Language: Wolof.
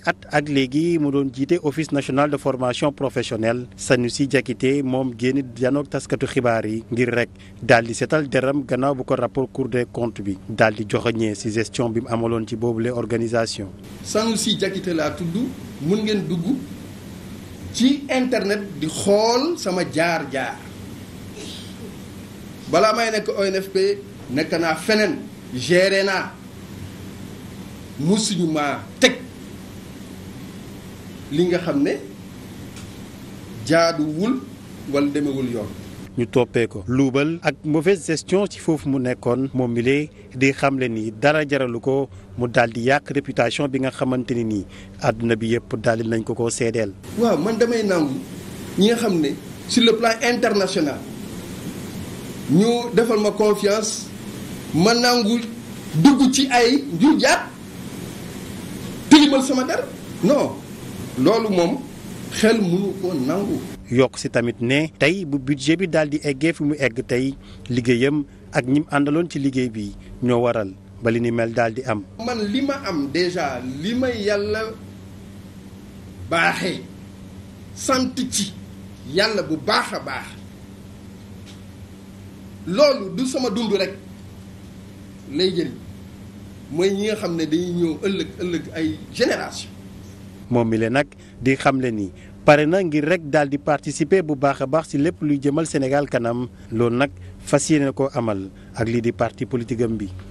fukki at ak léegi mu doon jiite office national de formation professionnelle Sanoussi Diakité moom génn janoog taskatu xibaar yi ngir rek daal di seetal deram gannaaw bu ko rapport Cour des comptes bi daal di joxoñee ci gestion bi mu amaloon ci boobule organisation. Sanoussi Diakité laa tudd mun ngeen dugg ci internet di xool sama jaar-jaar balaa may nekk ONFP nekk naa feneen géré naa musuñu maa teg. li nga xam ne jaaduwul wala demewul yoon. ñu toppee ko luubal ak mauvaise gestion ci foofu mu nekkoon moom mi lee di xamle ni dara jaralu ko mu daal di yàq réputation bi nga xamante ni nii àdduna bi yëpp daal nañ ko ko seedeel. waaw man damay nangu ñi nga xam ne sur le plan international ñu defal ma confiance ma nangu dugg ci ay njuujaat tilimal sama der non. loolu moom xel mënu ko nangu. yokk si tamit ne tey bu budget bi daal di eggee fi mu egg tey liggéeyam ak ñim àndaloon ci liggéey bi ñoo waral ba li ni mel daal di am. man li ma am déjà li ma yàlla baaxe sant ci yàlla bu baax a baax loolu du sama dund rek lay jëriñ mooy ñi nga xam ne dañuy ñëw ëllëg ëllëg ay génération. moom mi leen nag di xam le ni pare na ngir rek daal di participer bu baax a baax si lépp luy jëmal Sénégal kanam loolu nag fas yéene ko amal ak lii di parti politique am bi.